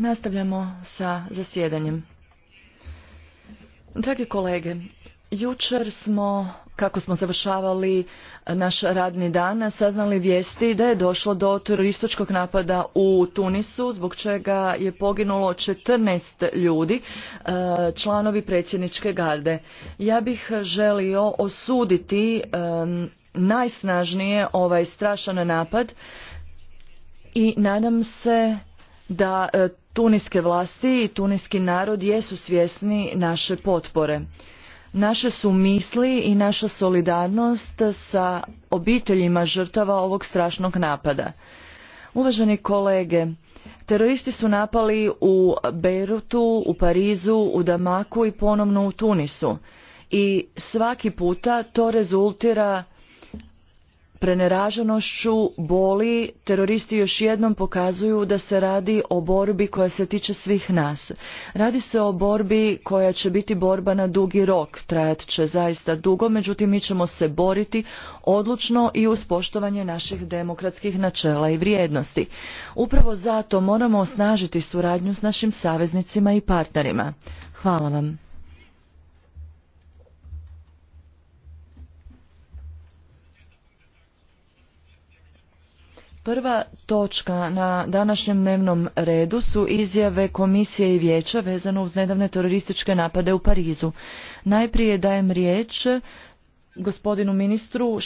Nastavljamo sa zasjedanjem. Dragi kolege, jučer smo, kako smo završavali naš radni dan, saznali vijesti da je došlo do terorističkog napada u Tunisu, zbog čega je poginulo 14 ljudi, e, članovi predsjedničke garde. Ja bih želio osuditi e, najsnažnije ovaj strašan napad i nadam se da e, Tuniske vlasti i tuniski narod jesu svjesni naše potpore. Naše su misli i naša solidarnost sa obiteljima žrtava ovog strašnog napada. Uvaženi kolege, teroristi su napali u Beirutu, u Parizu, u Damaku i ponovno u Tunisu. I svaki puta to rezultira preneraženošću boli teroristi još jednom pokazuju da se radi o borbi koja se tiče svih nas. Radi se o borbi koja će biti borba na dugi rok, trajat će zaista dugo, međutim mi ćemo se boriti odlučno i uz poštovanje naših demokratskih načela i vrijednosti. Upravo zato moramo osnažiti suradnju s našim saveznicima i partnerima. Hvala vam. Prva točka na današnjem dnevnom redu su izjave komisije i vijeća vezano uz nedavne terorističke napade u Parizu. Najprije dajem riječ gospodinu ministru